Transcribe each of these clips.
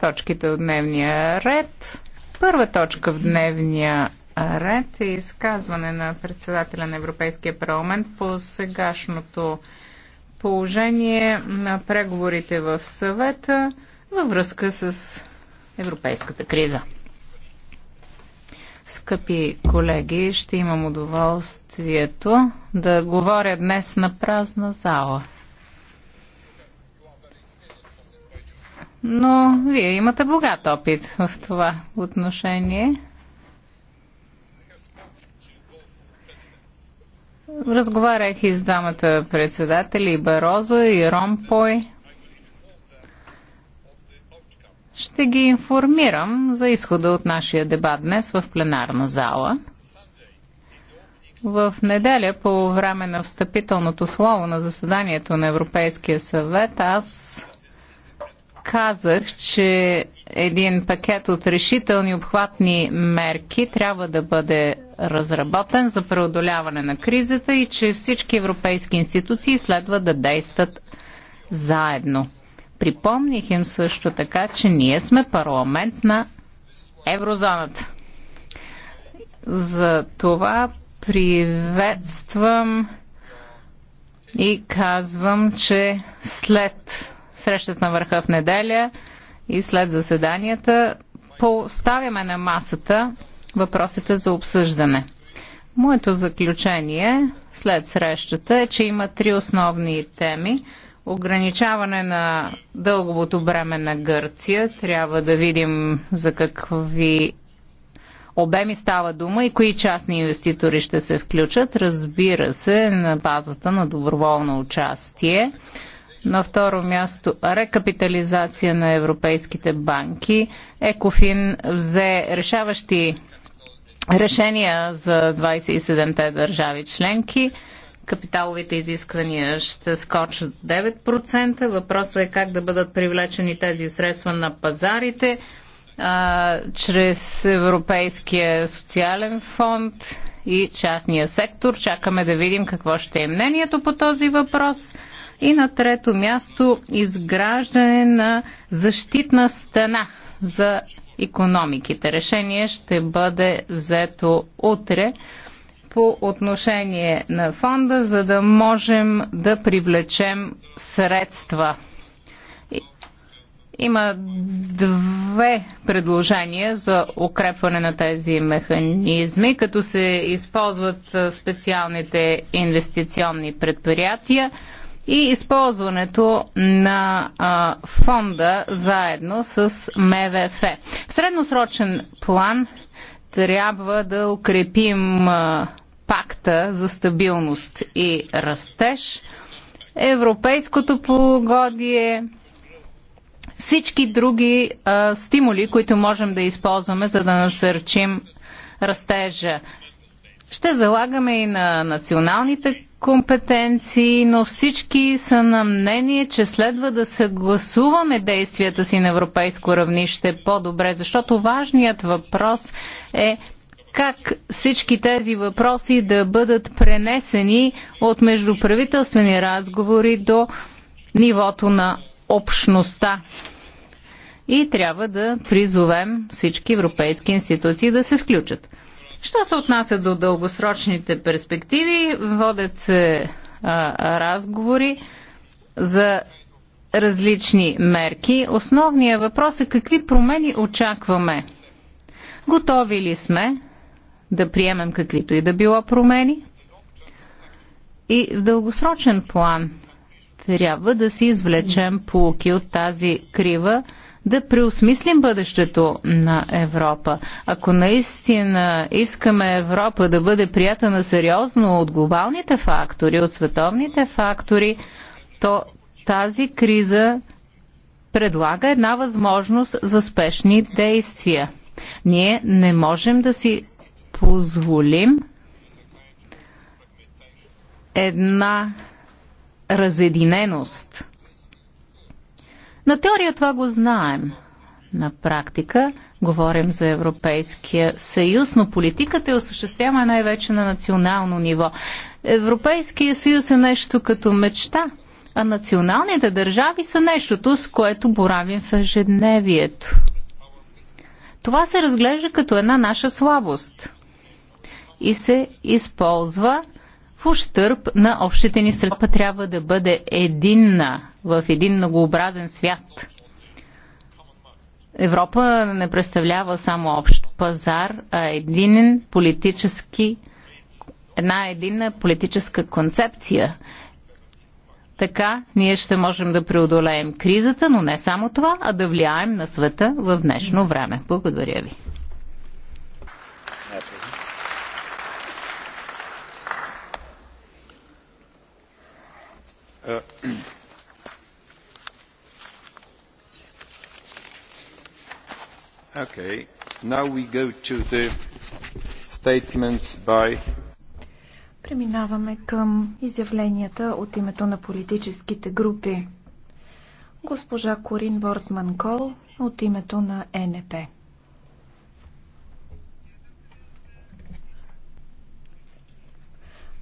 точките от дневния ред. Първа точка в дневния ред е изказване на председателя на Европейския парламент по сегашното положение на преговорите в съвета във връзка с европейската криза. Скъпи колеги, ще имам удоволствието да говоря днес на празна зала. но вие имате богат опит в това отношение. Разговарях и с двамата председатели, и Барозо и Ромпой. Ще ги информирам за изхода от нашия дебат днес в пленарна зала. В неделя, по време на встъпителното слово на заседанието на Европейския съвет, аз казах, че един пакет от решителни обхватни мерки трябва да бъде разработен за преодоляване на кризата и че всички европейски институции следва да действат заедно. Припомних им също така, че ние сме парламент на еврозоната. За това приветствам и казвам, че след срещат на върха в неделя и след заседанията поставяме на масата въпросите за обсъждане. Моето заключение след срещата е, че има три основни теми. Ограничаване на дълговото бреме на Гърция. Трябва да видим за какви обеми става дума и кои частни инвеститори ще се включат. Разбира се, на базата на доброволно участие. На второ място рекапитализация на европейските банки. Екофин взе решаващи решения за 27-те държави членки. Капиталовите изисквания ще скочат 9%. Въпросът е как да бъдат привлечени тези средства на пазарите а, чрез Европейския социален фонд и частния сектор. Чакаме да видим какво ще е мнението по този въпрос. И на трето място изграждане на защитна стена за економиките. Решение ще бъде взето утре по отношение на фонда, за да можем да привлечем средства има две предложения за укрепване на тези механизми, като се използват специалните инвестиционни предприятия и използването на а, фонда заедно с МВФ. В средносрочен план трябва да укрепим а, пакта за стабилност и растеж, европейското погодие всички други а, стимули, които можем да използваме, за да насърчим растежа. Ще залагаме и на националните компетенции, но всички са на мнение, че следва да съгласуваме действията си на европейско равнище по-добре, защото важният въпрос е как всички тези въпроси да бъдат пренесени от междуправителствени разговори до нивото на общността и трябва да призовем всички европейски институции да се включат. Що се отнася до дългосрочните перспективи, водят се а, разговори за различни мерки. Основният въпрос е какви промени очакваме. Готови ли сме да приемем каквито и да било промени? И в дългосрочен план трябва да си извлечем полуки от тази крива да преосмислим бъдещето на Европа. Ако наистина искаме Европа да бъде приятена сериозно от глобалните фактори, от световните фактори, то тази криза предлага една възможност за спешни действия. Ние не можем да си позволим една разединеност – на теория това го знаем. На практика говорим за Европейския съюз, но политиката е осъществява най-вече на национално ниво. Европейския съюз е нещо като мечта, а националните държави са нещото, с което боравим в ежедневието. Това се разглежда като една наша слабост и се използва в ущърп на общите ни средства. Трябва да бъде единна в един многообразен свят. Европа не представлява само общ пазар, а единен политически, една единна политическа концепция. Така ние ще можем да преодолеем кризата, но не само това, а да влияем на света в днешно време. Благодаря ви. Uh, Преминаваме към изявленията от името на политическите групи. Госпожа Корин Бортман Кол от името на НП.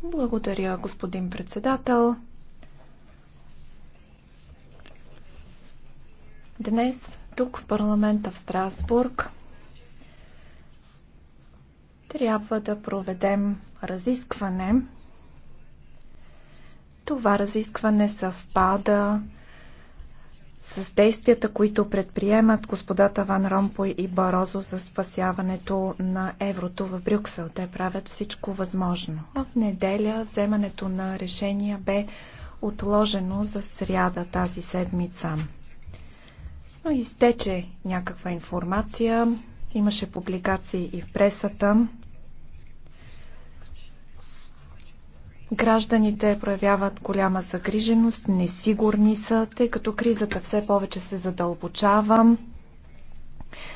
Благодаря, господин председател. Днес тук, в парламента в Страсбург, трябва да проведем разискване. Това разискване съвпада с действията, които предприемат господата Ван Ромпой и Барозо за спасяването на еврото в Брюксел. Те правят всичко възможно. В неделя вземането на решения бе отложено за сряда тази седмица. Но изтече някаква информация, имаше публикации и в пресата. Гражданите проявяват голяма загриженост, несигурни са, тъй като кризата все повече се задълбочава.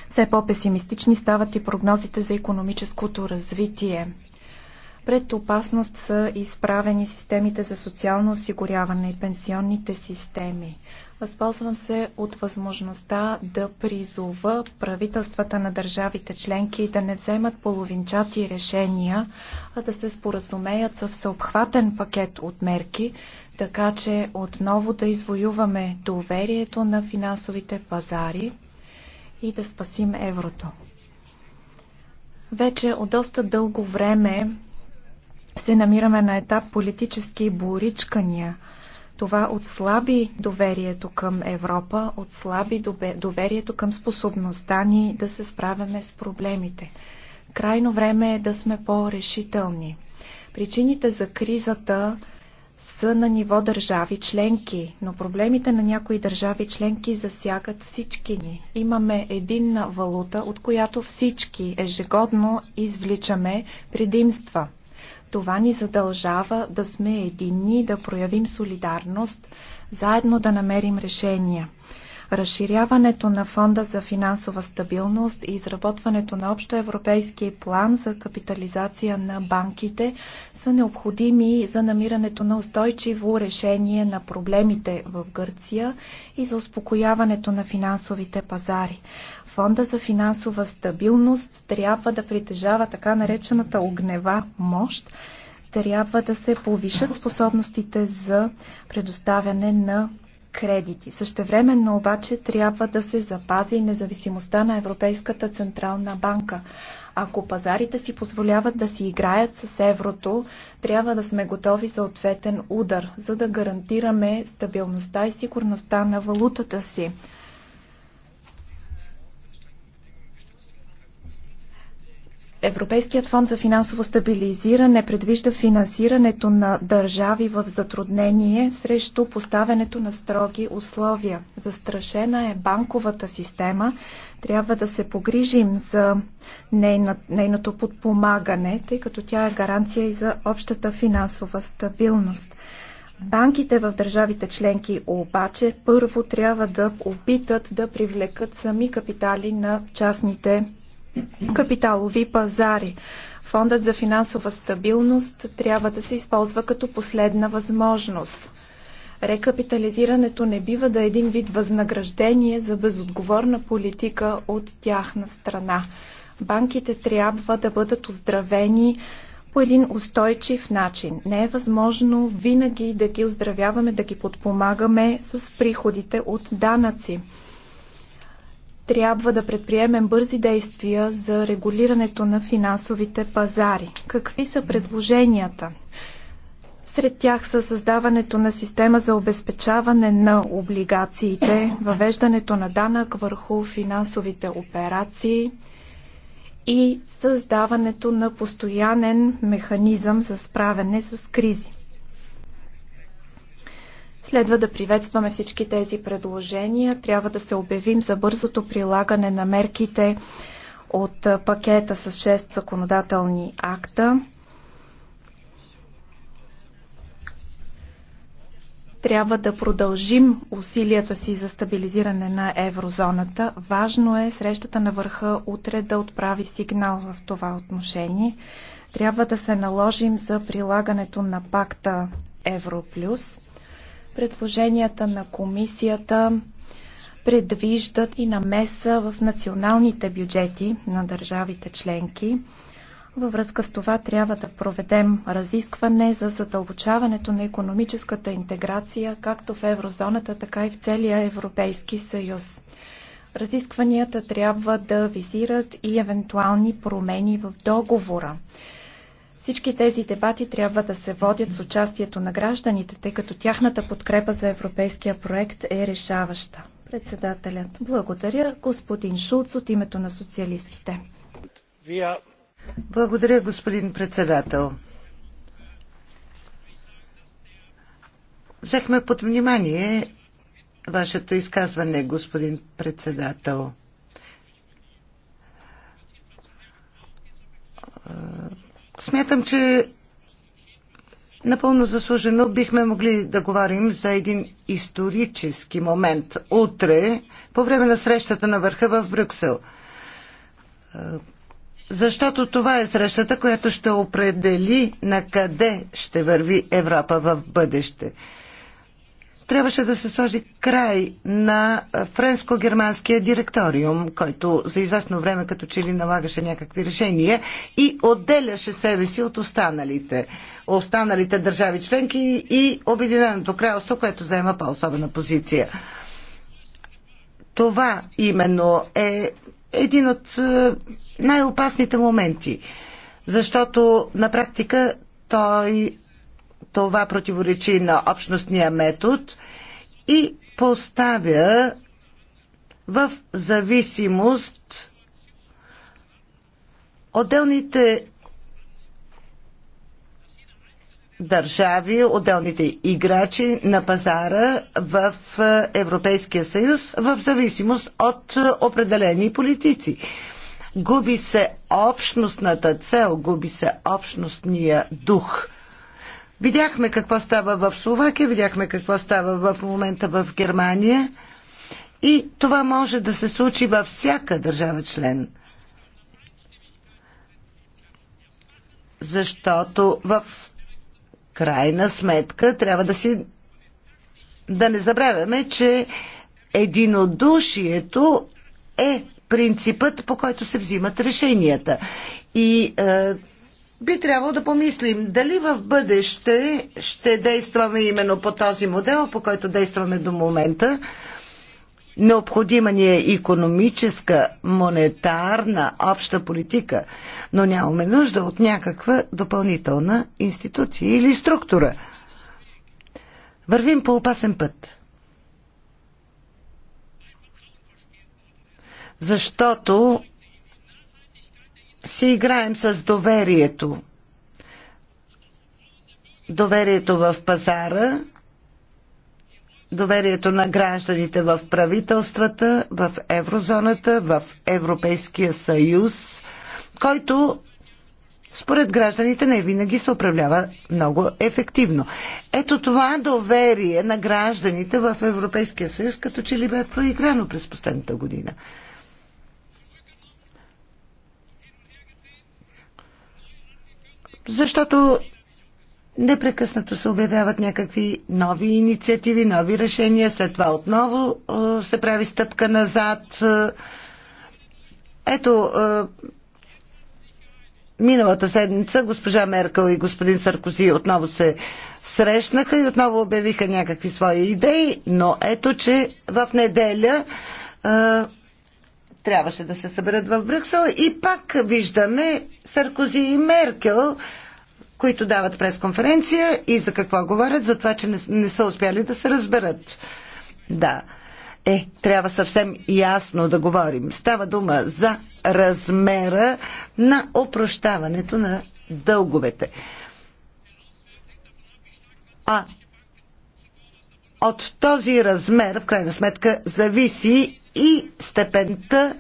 Все по-песимистични стават и прогнозите за економическото развитие. Пред опасност са изправени системите за социално осигуряване и пенсионните системи. Възползвам се от възможността да призова правителствата на държавите членки да не вземат половинчати решения, а да се споразумеят с всеобхватен пакет от мерки, така че отново да извоюваме доверието на финансовите пазари и да спасим еврото. Вече от доста дълго време се намираме на етап политически боричкания – това отслаби доверието към Европа, отслаби доверието към способността ни да се справяме с проблемите. Крайно време е да сме по-решителни. Причините за кризата са на ниво държави членки, но проблемите на някои държави членки засягат всички ни. Имаме единна валута, от която всички ежегодно извличаме предимства – това ни задължава да сме единни, да проявим солидарност, заедно да намерим решения. Разширяването на фонда за финансова стабилност и изработването на общо европейски план за капитализация на банките са необходими за намирането на устойчиво решение на проблемите в Гърция и за успокояването на финансовите пазари. Фонда за финансова стабилност трябва да притежава така наречената огнева мощ, трябва да се повишат способностите за предоставяне на кредити. Същевременно обаче трябва да се запази независимостта на Европейската Централна банка. Ако пазарите си позволяват да си играят с еврото, трябва да сме готови за ответен удар, за да гарантираме стабилността и сигурността на валутата си. Европейският фонд за финансово стабилизиране предвижда финансирането на държави в затруднение срещу поставянето на строги условия. Застрашена е банковата система. Трябва да се погрижим за нейна, нейното подпомагане, тъй като тя е гаранция и за общата финансова стабилност. Банките в държавите членки обаче първо трябва да опитат да привлекат сами капитали на частните капиталови пазари. Фондът за финансова стабилност трябва да се използва като последна възможност. Рекапитализирането не бива да е един вид възнаграждение за безотговорна политика от тяхна страна. Банките трябва да бъдат оздравени по един устойчив начин. Не е възможно винаги да ги оздравяваме, да ги подпомагаме с приходите от данъци трябва да предприемем бързи действия за регулирането на финансовите пазари. Какви са предложенията? Сред тях са създаването на система за обезпечаване на облигациите, въвеждането на данък върху финансовите операции и създаването на постоянен механизъм за справяне с кризи. Следва да приветстваме всички тези предложения. Трябва да се обявим за бързото прилагане на мерките от пакета с 6 законодателни акта. трябва да продължим усилията си за стабилизиране на еврозоната. Важно е срещата на върха утре да отправи сигнал в това отношение. Трябва да се наложим за прилагането на пакта Европлюс. Предложенията на комисията предвиждат и намеса в националните бюджети на държавите членки. Във връзка с това трябва да проведем разискване за задълбочаването на економическата интеграция както в еврозоната, така и в целия Европейски съюз. Разискванията трябва да визират и евентуални промени в договора. Всички тези дебати трябва да се водят с участието на гражданите, тъй като тяхната подкрепа за европейския проект е решаваща. Председателят, благодаря господин Шулц от името на социалистите. Благодаря, господин председател. Взехме под внимание вашето изказване, господин председател. Смятам, че напълно заслужено бихме могли да говорим за един исторически момент утре по време на срещата на върха в Брюксел. Защото това е срещата, която ще определи на къде ще върви Европа в бъдеще трябваше да се сложи край на френско-германския директориум, който за известно време като че ли налагаше някакви решения и отделяше себе си от останалите, останалите държави членки и Обединеното кралство, което заема по-особена позиция. Това именно е един от най-опасните моменти, защото на практика той това противоречи на общностния метод и поставя в зависимост отделните държави, отделните играчи на пазара в Европейския съюз в зависимост от определени политици. Губи се общностната цел, губи се общностния дух. Видяхме какво става в Словакия, видяхме какво става в момента в Германия и това може да се случи във всяка държава член. Защото в крайна сметка трябва да си да не забравяме, че единодушието е принципът, по който се взимат решенията. И е, би трябвало да помислим дали в бъдеще ще действаме именно по този модел, по който действаме до момента. Необходима ни е економическа, монетарна, обща политика, но нямаме нужда от някаква допълнителна институция или структура. Вървим по опасен път. Защото си играем с доверието. Доверието в пазара, доверието на гражданите в правителствата, в еврозоната, в Европейския съюз, който според гражданите не винаги се управлява много ефективно. Ето това доверие на гражданите в Европейския съюз като че ли бе проиграно през последната година. защото непрекъснато се обявяват някакви нови инициативи, нови решения, след това отново се прави стъпка назад. Ето, миналата седмица госпожа Меркел и господин Саркози отново се срещнаха и отново обявиха някакви свои идеи, но ето, че в неделя трябваше да се съберат в Брюксел и пак виждаме Саркози и Меркел, които дават пресконференция и за какво говорят, за това, че не, не са успяли да се разберат. Да. Е, трябва съвсем ясно да говорим. Става дума за размера на опрощаването на дълговете. А от този размер, в крайна сметка, зависи и степента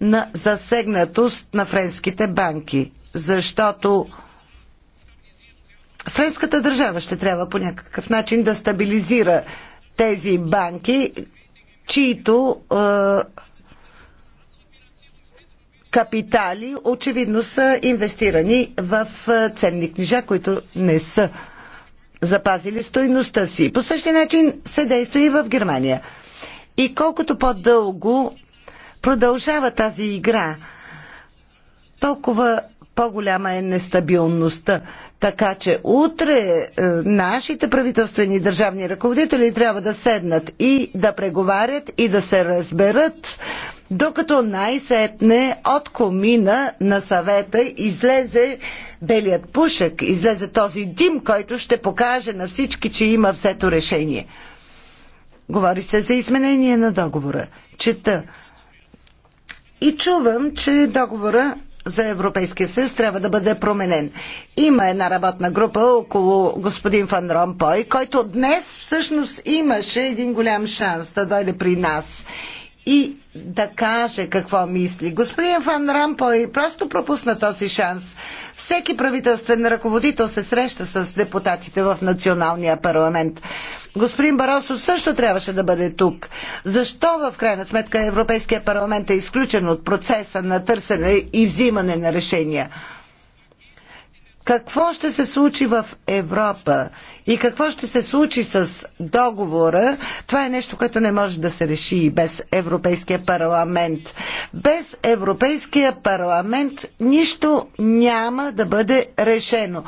на засегнатост на френските банки, защото френската държава ще трябва по някакъв начин да стабилизира тези банки, чието е, капитали очевидно са инвестирани в е, ценни книжа, които не са запазили стойността си. По същия начин се действа и в Германия. И колкото по-дълго продължава тази игра, толкова по-голяма е нестабилността. Така че утре е, нашите правителствени държавни ръководители трябва да седнат и да преговарят и да се разберат, докато най-сетне от комина на съвета излезе белият пушек, излезе този дим, който ще покаже на всички, че има взето решение. Говори се за изменение на договора. Чета. И чувам, че договора за Европейския съюз трябва да бъде променен. Има една работна група около господин Фан Ромпой, който днес всъщност имаше един голям шанс да дойде при нас и да каже какво мисли. Господин Рампо Рампой просто пропусна този шанс. Всеки правителствен ръководител се среща с депутатите в националния парламент. Господин Баросо също трябваше да бъде тук. Защо в крайна сметка Европейския парламент е изключен от процеса на търсене и взимане на решения? какво ще се случи в Европа и какво ще се случи с договора, това е нещо, което не може да се реши и без Европейския парламент. Без Европейския парламент нищо няма да бъде решено.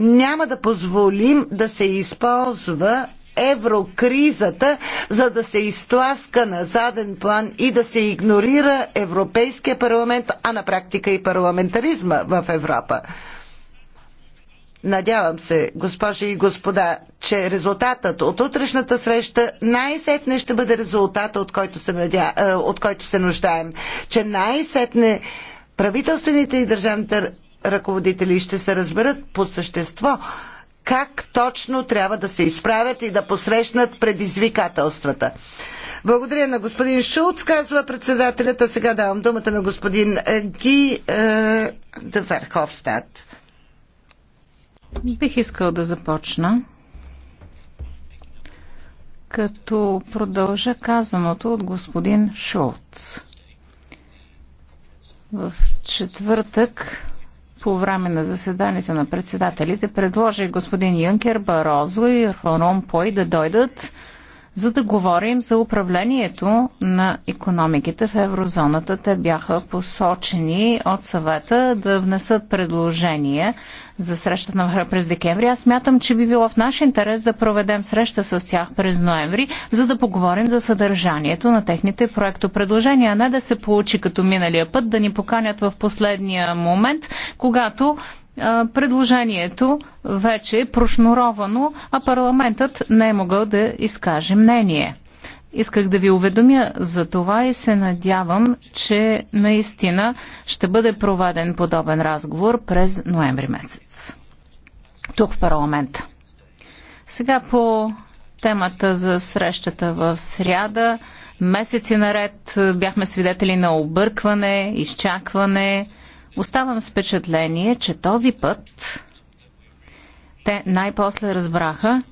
Няма да позволим да се използва еврокризата, за да се изтласка на заден план и да се игнорира Европейския парламент, а на практика и парламентаризма в Европа. Надявам се, госпожи и господа, че резултатът от утрешната среща най-сетне ще бъде резултата, от който се, надя... Е, от който се нуждаем. Че най-сетне правителствените и държавните ръководители ще се разберат по същество как точно трябва да се изправят и да посрещнат предизвикателствата. Благодаря на господин Шулц, казва председателят, а сега давам думата на господин Ги е, Деверховстад. Бих искал да започна като продължа казаното от господин Шолц. В четвъртък по време на заседанието на председателите предложи господин Юнкер, Барозо и Пой да дойдат за да говорим за управлението на економиките в еврозоната. Те бяха посочени от съвета да внесат предложение за срещата на върха през декември. Аз смятам, че би било в наш интерес да проведем среща с тях през ноември, за да поговорим за съдържанието на техните проектопредложения, а не да се получи като миналия път, да ни поканят в последния момент, когато предложението вече е прошнуровано, а парламентът не е могъл да изкаже мнение. Исках да ви уведомя за това и се надявам, че наистина ще бъде проведен подобен разговор през ноември месец. Тук в парламента. Сега по темата за срещата в сряда. Месеци наред бяхме свидетели на объркване, изчакване, Оставам с впечатление, че този път те най-после разбраха,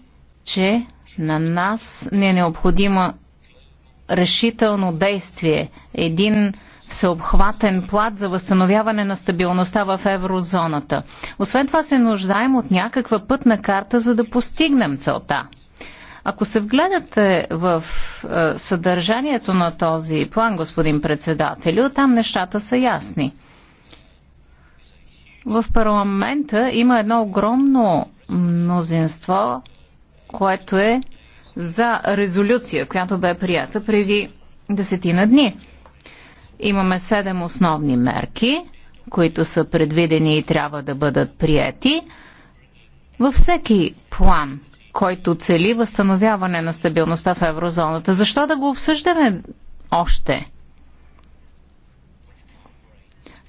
че на нас не е необходимо решително действие, един всеобхватен плат за възстановяване на стабилността в еврозоната. Освен това се нуждаем от някаква пътна карта, за да постигнем целта. Ако се вгледате в е, съдържанието на този план, господин председателю, там нещата са ясни – в парламента има едно огромно мнозинство, което е за резолюция, която бе прията преди десетина дни. Имаме седем основни мерки, които са предвидени и трябва да бъдат прияти. Във всеки план, който цели възстановяване на стабилността в еврозоната, защо да го обсъждаме още?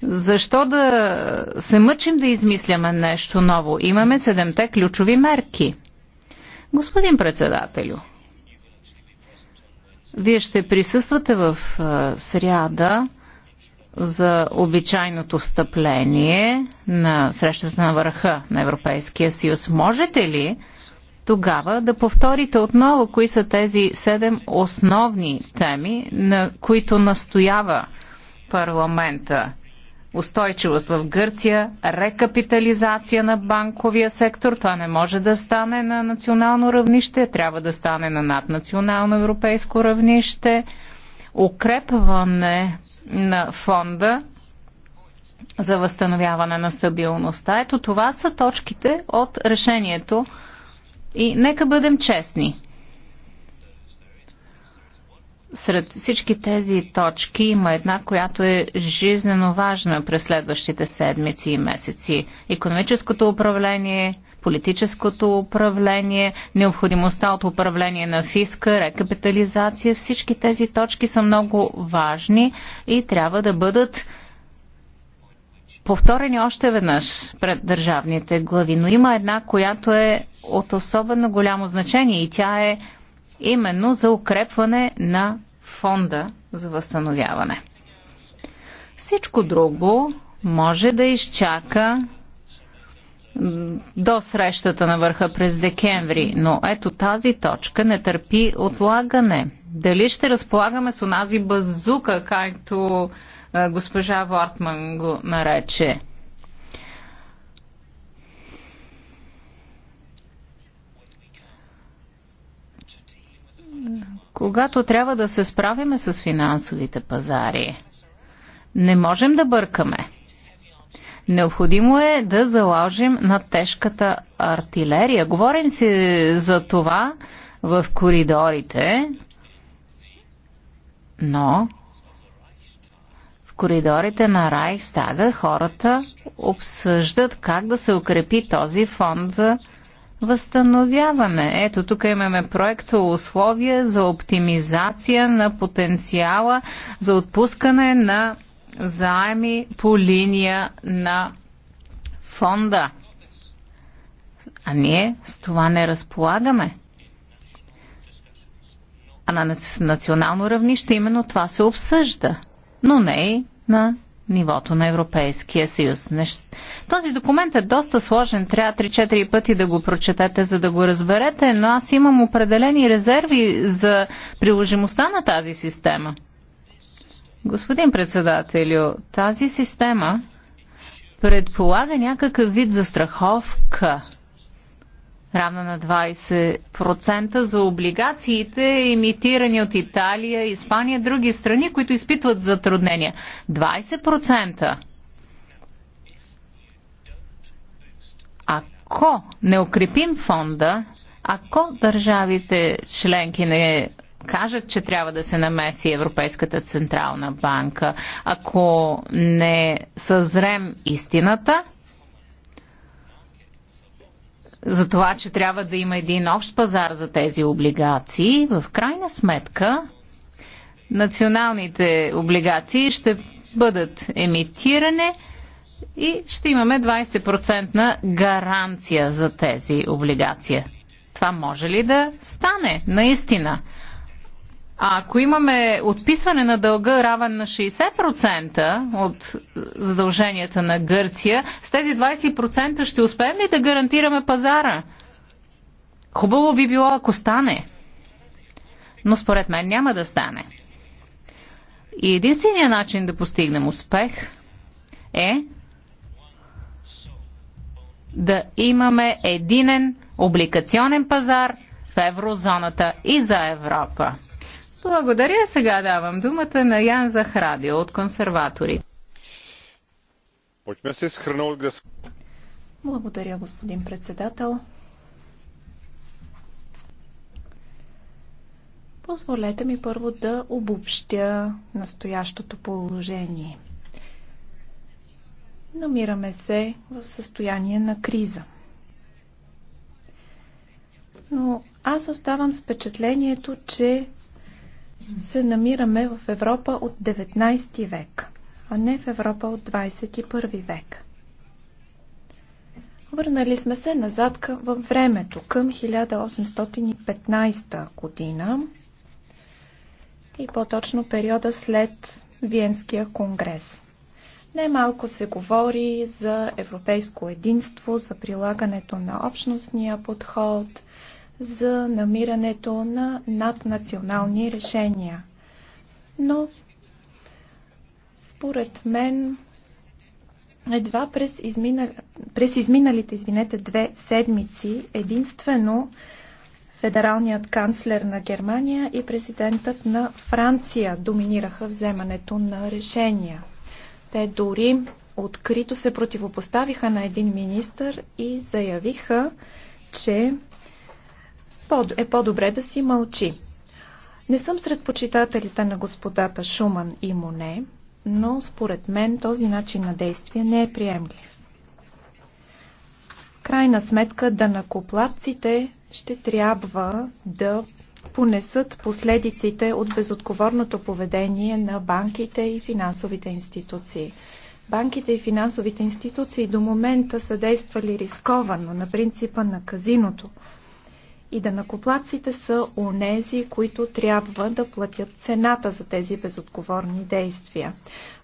Защо да се мъчим да измисляме нещо ново? Имаме седемте ключови мерки. Господин председателю, вие ще присъствате в сряда за обичайното встъпление на срещата на върха на Европейския съюз. Можете ли тогава да повторите отново кои са тези седем основни теми, на които настоява парламента? устойчивост в Гърция, рекапитализация на банковия сектор. Това не може да стане на национално равнище, трябва да стане на наднационално европейско равнище. Укрепване на фонда за възстановяване на стабилността. Ето това са точките от решението. И нека бъдем честни сред всички тези точки има една, която е жизнено важна през следващите седмици и месеци. Економическото управление, политическото управление, необходимостта от управление на фиска, рекапитализация. Всички тези точки са много важни и трябва да бъдат повторени още веднъж пред държавните глави. Но има една, която е от особено голямо значение и тя е именно за укрепване на фонда за възстановяване. Всичко друго може да изчака до срещата на върха през декември, но ето тази точка не търпи отлагане. Дали ще разполагаме с онази базука, както е, госпожа Вортман го нарече? Когато трябва да се справиме с финансовите пазари, не можем да бъркаме. Необходимо е да заложим на тежката артилерия. Говорим си за това в коридорите, но в коридорите на Райхстага хората обсъждат как да се укрепи този фонд за възстановяване. Ето тук имаме проекта условия за оптимизация на потенциала за отпускане на заеми по линия на фонда. А ние с това не разполагаме. А на национално равнище именно това се обсъжда, но не и на нивото на Европейския съюз. Този документ е доста сложен, трябва 3-4 пъти да го прочетете, за да го разберете, но аз имам определени резерви за приложимостта на тази система. Господин председателю, тази система предполага някакъв вид застраховка равна на 20% за облигациите, имитирани от Италия, Испания, други страни, които изпитват затруднения. 20%! Ако не укрепим фонда, ако държавите членки не кажат, че трябва да се намеси Европейската централна банка, ако не съзрем истината, за това, че трябва да има един общ пазар за тези облигации, в крайна сметка националните облигации ще бъдат емитиране и ще имаме 20% гаранция за тези облигации. Това може ли да стане наистина? А ако имаме отписване на дълга равен на 60% от задълженията на Гърция, с тези 20% ще успеем ли да гарантираме пазара? Хубаво би било, ако стане. Но според мен няма да стане. И единственият начин да постигнем успех е да имаме единен обликационен пазар в еврозоната и за Европа. Благодаря. Сега давам думата на Ян Захрадио от консерватори. Почваме се от гъс. Благодаря, господин председател. Позволете ми първо да обобщя настоящото положение. Намираме се в състояние на криза. Но аз оставам с впечатлението, че се намираме в Европа от 19 век, а не в Европа от 21 век. Върнали сме се назад във времето, към 1815 година и по-точно периода след Виенския конгрес. Немалко се говори за европейско единство, за прилагането на общностния подход – за намирането на наднационални решения. Но, според мен, едва през, измина... през изминалите извинете, две седмици единствено федералният канцлер на Германия и президентът на Франция доминираха вземането на решения. Те дори открито се противопоставиха на един министър и заявиха, че е по-добре да си мълчи. Не съм сред почитателите на господата Шуман и Моне, но според мен този начин на действие не е приемлив. Крайна сметка, данакоплатците ще трябва да понесат последиците от безотговорното поведение на банките и финансовите институции. Банките и финансовите институции до момента са действали рисковано на принципа на казиното – и да накоплаците са онези, които трябва да платят цената за тези безотговорни действия.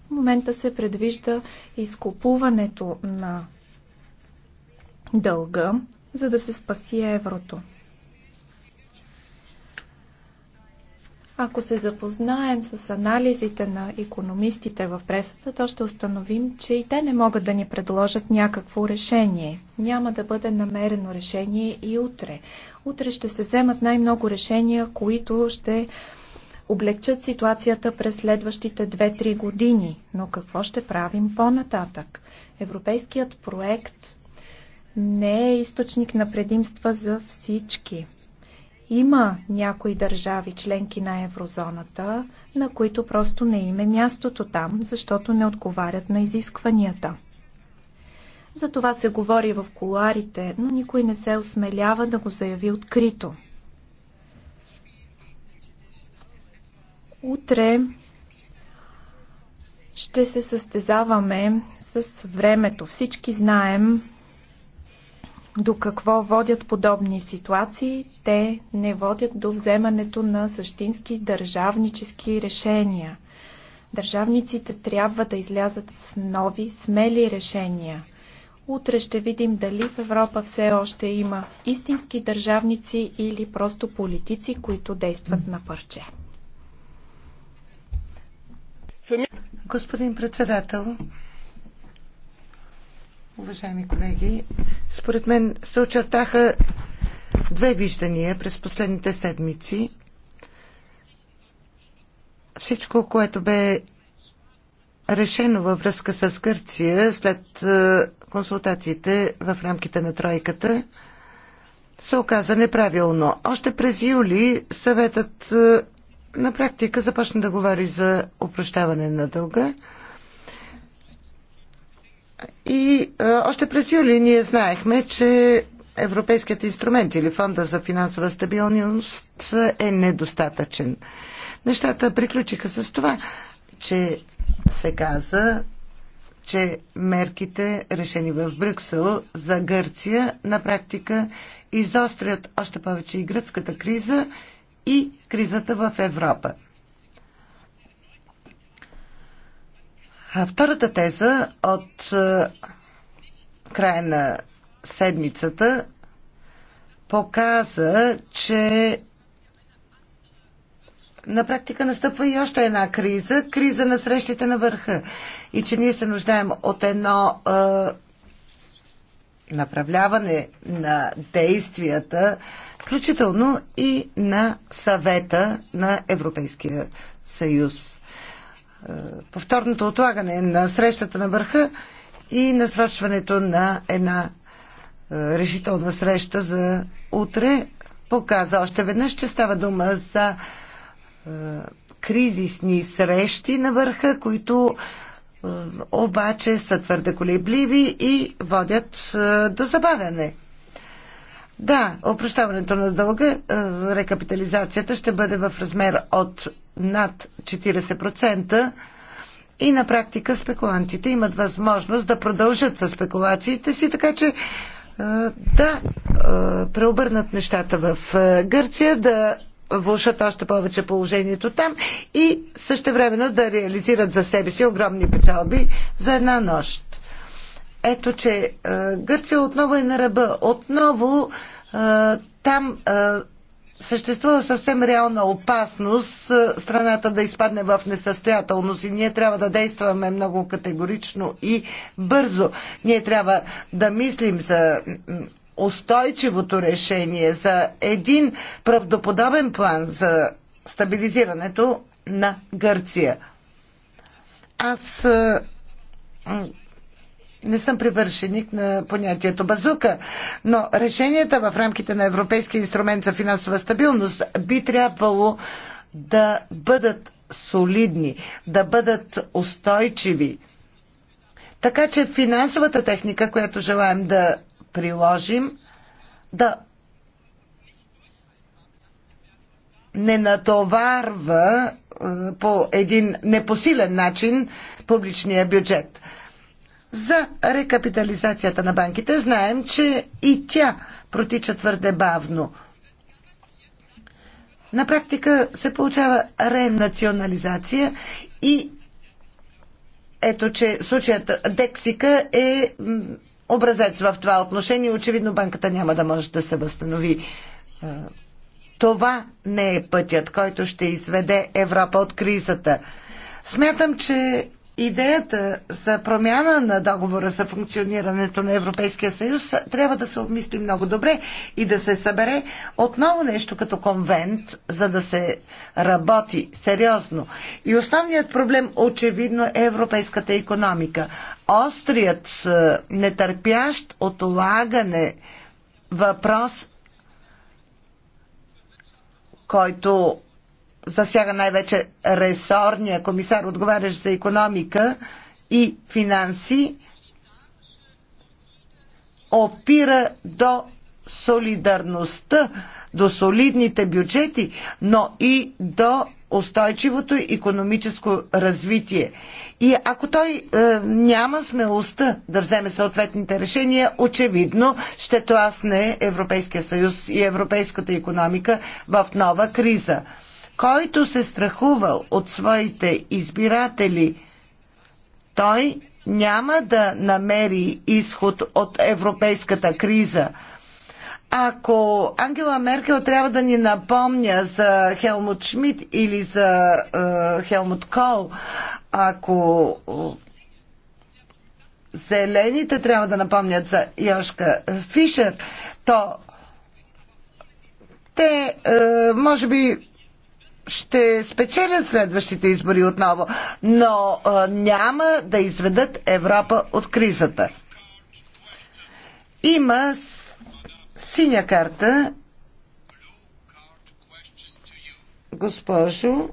В момента се предвижда изкупуването на дълга, за да се спаси еврото. Ако се запознаем с анализите на економистите в пресата, то ще установим, че и те не могат да ни предложат някакво решение. Няма да бъде намерено решение и утре. Утре ще се вземат най-много решения, които ще облегчат ситуацията през следващите 2-3 години. Но какво ще правим по-нататък? Европейският проект не е източник на предимства за всички. Има някои държави, членки на еврозоната, на които просто не име мястото там, защото не отговарят на изискванията. За това се говори в коларите, но никой не се осмелява да го заяви открито. Утре ще се състезаваме с времето. Всички знаем, до какво водят подобни ситуации. Те не водят до вземането на същински държавнически решения. Държавниците трябва да излязат с нови, смели решения. Утре ще видим дали в Европа все още има истински държавници или просто политици, които действат на парче. Господин председател, Уважаеми колеги, според мен се очертаха две виждания през последните седмици. Всичко, което бе решено във връзка с Гърция след е, консултациите в рамките на тройката, се оказа неправилно. Още през юли съветът е, на практика започна да говори за упрощаване на дълга. И е, още през юли ние знаехме, че Европейският инструмент или фонда за финансова стабилност е недостатъчен. Нещата приключиха с това, че се каза, че мерките, решени в Брюксел за Гърция, на практика изострят още повече и гръцката криза и кризата в Европа. Втората теза от края на седмицата показа, че на практика настъпва и още една криза, криза на срещите на върха. И че ние се нуждаем от едно е, направляване на действията, включително и на съвета на Европейския съюз. Е, повторното отлагане на срещата на върха и насрочването на една е, решителна среща за утре показа още веднъж, че става дума за е, кризисни срещи на върха, които обаче са твърде колебливи и водят до забавяне да, опрощаването на дълга, е, рекапитализацията ще бъде в размер от над 40% и на практика спекулантите имат възможност да продължат със спекулациите си, така че е, да е, преобърнат нещата в Гърция, да влушат още повече положението там и също времено да реализират за себе си огромни печалби за една нощ ето, че е, Гърция отново е на ръба. Отново е, там е, съществува съвсем реална опасност страната да изпадне в несъстоятелност и ние трябва да действаме много категорично и бързо. Ние трябва да мислим за устойчивото решение, за един правдоподобен план за стабилизирането на Гърция. Аз не съм привършеник на понятието базука, но решенията в рамките на Европейския инструмент за финансова стабилност би трябвало да бъдат солидни, да бъдат устойчиви. Така че финансовата техника, която желаем да приложим, да не натоварва е, по един непосилен начин публичния бюджет. За рекапитализацията на банките знаем, че и тя протича твърде бавно. На практика се получава ренационализация и ето, че случаят Дексика е образец в това отношение. Очевидно банката няма да може да се възстанови. Това не е пътят, който ще изведе Европа от кризата. Смятам, че идеята за промяна на договора за функционирането на Европейския съюз трябва да се обмисли много добре и да се събере отново нещо като конвент, за да се работи сериозно. И основният проблем очевидно е европейската економика. Острият, е, нетърпящ отлагане въпрос, който засяга най-вече ресорния комисар, отговарящ за економика и финанси, опира до солидарността, до солидните бюджети, но и до устойчивото економическо развитие. И ако той е, няма смелостта да вземе съответните решения, очевидно ще тласне Европейския съюз и европейската економика в нова криза който се страхувал от своите избиратели, той няма да намери изход от европейската криза. Ако Ангела Меркел трябва да ни напомня за Хелмут Шмидт или за е, Хелмут Кол, ако е, зелените трябва да напомнят за Йошка Фишер, то те е, може би ще спечелят следващите избори отново, но а, няма да изведат Европа от кризата. Има синя карта. Госпожо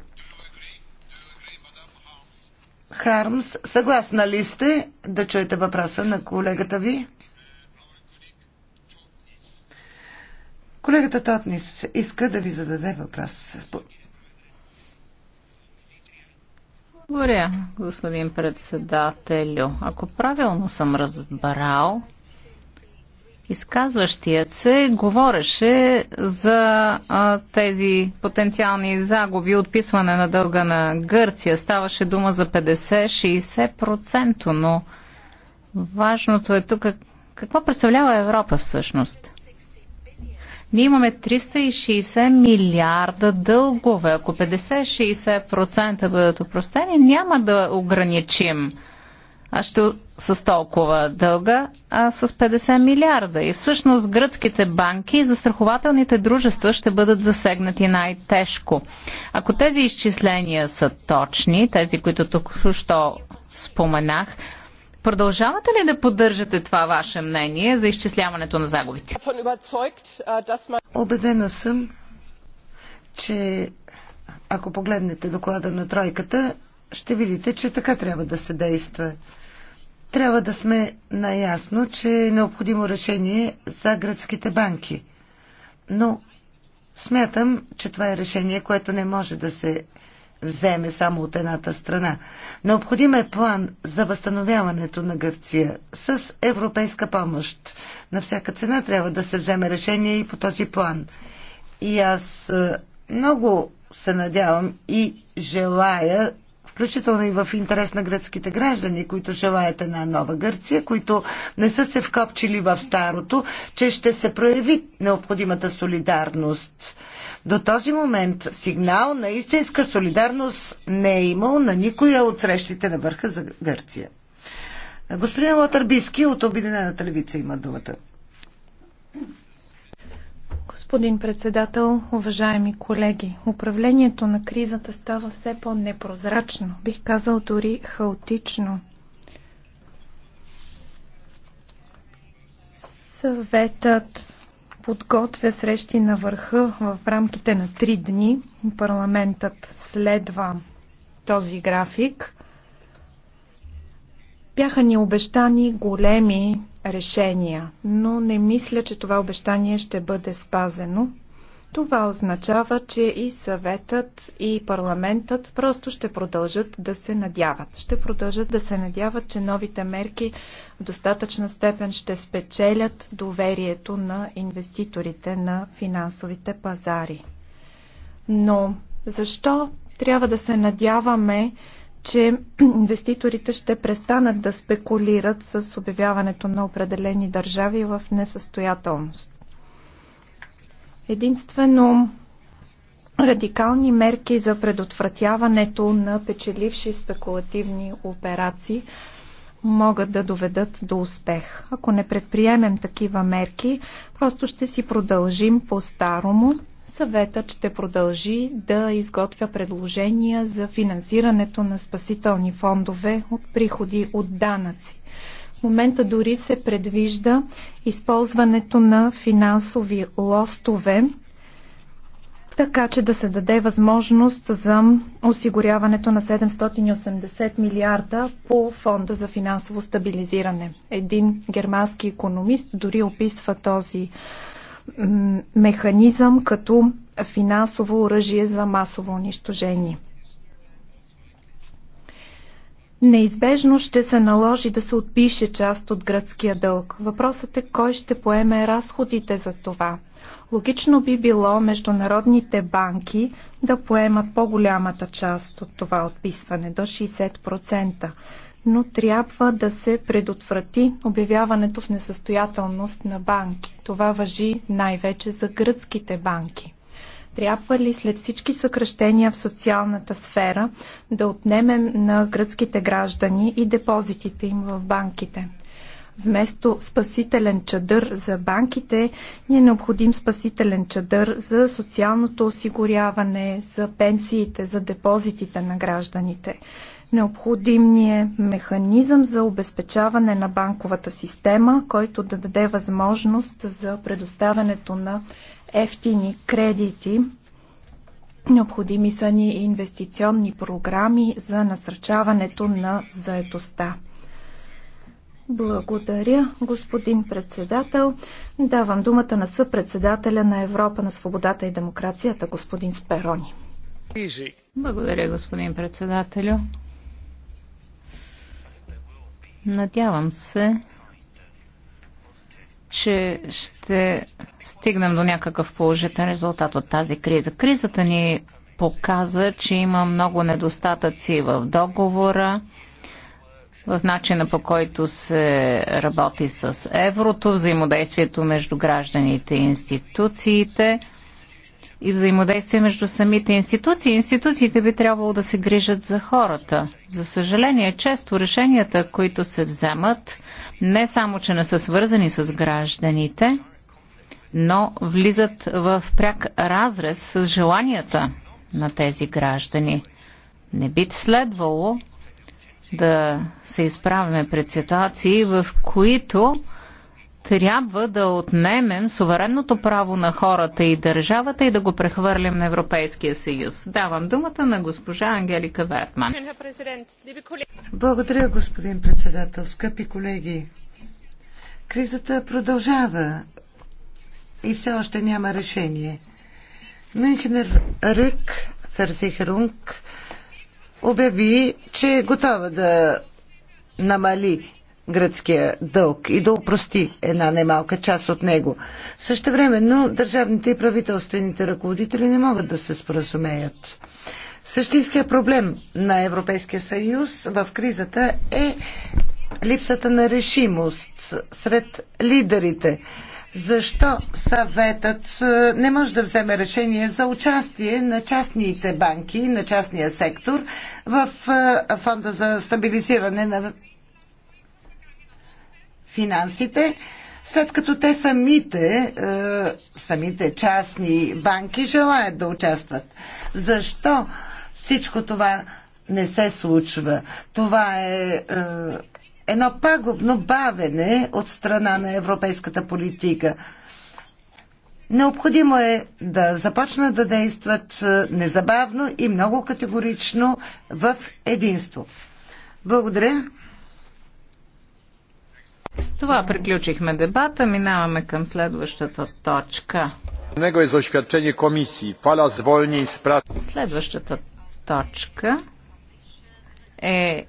Хармс, съгласна ли сте да чуете въпроса на колегата ви? Колегата Тотнис иска да ви зададе въпрос. Благодаря, господин председателю. Ако правилно съм разбрал, изказващият се говореше за а, тези потенциални загуби, отписване на дълга на Гърция. Ставаше дума за 50-60%, но важното е тук какво представлява Европа всъщност. Ние имаме 360 милиарда дългове. Ако 50-60% бъдат упростени, няма да ограничим а ще с толкова дълга, а с 50 милиарда. И всъщност гръцките банки и застрахователните дружества ще бъдат засегнати най-тежко. Ако тези изчисления са точни, тези, които тук що споменах, Продължавате ли да поддържате това ваше мнение за изчисляването на загубите? Обедена съм, че ако погледнете доклада на тройката, ще видите, че така трябва да се действа. Трябва да сме наясно, че е необходимо решение за гръцките банки. Но смятам, че това е решение, което не може да се вземе само от едната страна. Необходим е план за възстановяването на Гърция с европейска помощ. На всяка цена трябва да се вземе решение и по този план. И аз е, много се надявам и желая включително и в интерес на гръцките граждани, които желаят една нова Гърция, които не са се вкопчили в старото, че ще се прояви необходимата солидарност до този момент сигнал на истинска солидарност не е имал на никоя от срещите на върха за Гърция. Господин Лотърбиски от Обединената левица има думата. Господин председател, уважаеми колеги, управлението на кризата става все по-непрозрачно, бих казал дори хаотично. Съветът подготвя срещи на върха в рамките на три дни. Парламентът следва този график. Бяха ни обещани големи решения, но не мисля, че това обещание ще бъде спазено. Това означава, че и съветът, и парламентът просто ще продължат да се надяват. Ще продължат да се надяват, че новите мерки в достатъчна степен ще спечелят доверието на инвеститорите на финансовите пазари. Но защо трябва да се надяваме, че инвеститорите ще престанат да спекулират с обявяването на определени държави в несъстоятелност? Единствено радикални мерки за предотвратяването на печеливши спекулативни операции могат да доведат до успех. Ако не предприемем такива мерки, просто ще си продължим по-старому. Съветът ще продължи да изготвя предложения за финансирането на спасителни фондове от приходи от данъци момента дори се предвижда използването на финансови лостове, така че да се даде възможност за осигуряването на 780 милиарда по фонда за финансово стабилизиране. Един германски економист дори описва този механизъм като финансово оръжие за масово унищожение неизбежно ще се наложи да се отпише част от гръцкия дълг. Въпросът е кой ще поеме разходите за това. Логично би било международните банки да поемат по-голямата част от това отписване до 60%, но трябва да се предотврати обявяването в несъстоятелност на банки. Това въжи най-вече за гръцките банки. Трябва ли след всички съкръщения в социалната сфера да отнемем на гръцките граждани и депозитите им в банките? Вместо спасителен чадър за банките, ни е необходим спасителен чадър за социалното осигуряване, за пенсиите, за депозитите на гражданите. Необходим ни е механизъм за обезпечаване на банковата система, който да даде възможност за предоставянето на ефтини кредити. Необходими са ни инвестиционни програми за насърчаването на заетостта. Благодаря, господин председател. Давам думата на съпредседателя на Европа на свободата и демокрацията, господин Сперони. Благодаря, господин председателю. Надявам се, че ще стигнем до някакъв положителен резултат от тази криза. Кризата ни показа, че има много недостатъци в договора, в начина по който се работи с еврото, взаимодействието между гражданите и институциите – и взаимодействие между самите институции. Институциите би трябвало да се грижат за хората. За съжаление, често решенията, които се вземат, не само, че не са свързани с гражданите, но влизат в пряк разрез с желанията на тези граждани. Не би следвало да се изправяме пред ситуации, в които трябва да отнемем суверенното право на хората и държавата и да го прехвърлим на Европейския съюз. Давам думата на госпожа Ангелика Вертман. Благодаря, господин председател. Скъпи колеги, кризата продължава и все още няма решение. Мюнхенер Рък Ферсихерунг обяви, че е готова да намали гръцкия дълг и да упрости една немалка част от него. Също но държавните и правителствените ръководители не могат да се споразумеят. Същинският проблем на Европейския съюз в кризата е липсата на решимост сред лидерите. Защо съветът е, не може да вземе решение за участие на частните банки, на частния сектор в е, фонда за стабилизиране на финансите, след като те самите, е, самите частни банки желаят да участват. Защо всичко това не се случва? Това е, е едно пагубно бавене от страна на европейската политика. Необходимо е да започнат да действат е, незабавно и много категорично в единство. Благодаря. С това приключихме дебата, минаваме към следващата точка. Следващата точка е